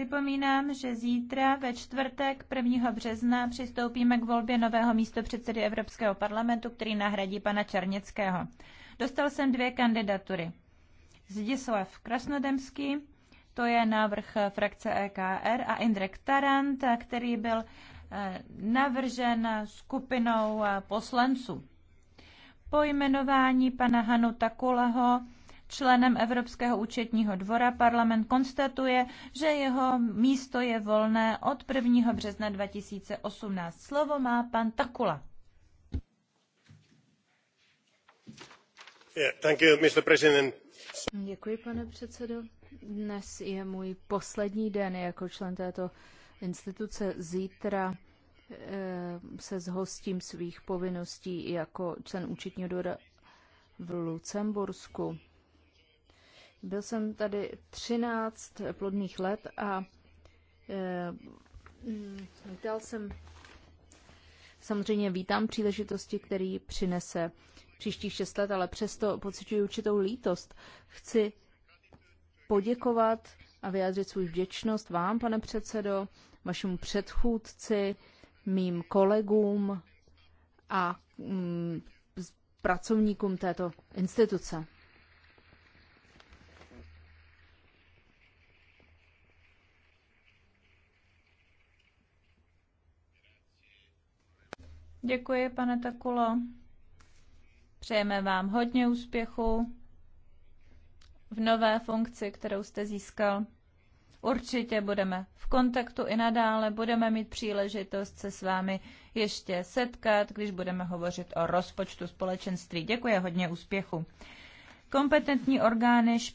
Připomínám, že zítra ve čtvrtek 1. března přistoupíme k volbě nového místopředsedy Evropského parlamentu, který nahradí pana Čarněckého. Dostal jsem dvě kandidatury. Zdislav Krasnodemský, to je návrh frakce EKR, a Indrek Tarant, který byl eh, navržen skupinou eh, poslanců. Po jmenování pana Hanuta Kuleho členem Evropského účetního dvora parlament konstatuje, že jeho místo je volné od 1. března 2018. Slovo má pan Takula. Yeah, thank you, Mr. President. Děkuji, pane předsedo. Dnes je můj poslední den jako člen této instituce. Zítra eh, se zhostím svých povinností jako člen účetního dvora v Lucembursku. Byl jsem tady 13 plodných let a e, vítal jsem, samozřejmě vítám příležitosti, který přinese příštích 6 let, ale přesto pocituji určitou lítost. Chci poděkovat a vyjádřit svůj vděčnost vám, pane předsedo, vašemu předchůdci, mým kolegům a mm, pracovníkům této instituce. Děkuji, pane Takulo. Přejeme vám hodně úspěchu v nové funkci, kterou jste získal. Určitě budeme v kontaktu i nadále, budeme mít příležitost se s vámi ještě setkat, když budeme hovořit o rozpočtu společenství. Děkuji hodně úspěchu. Kompetentní orgány Španělska.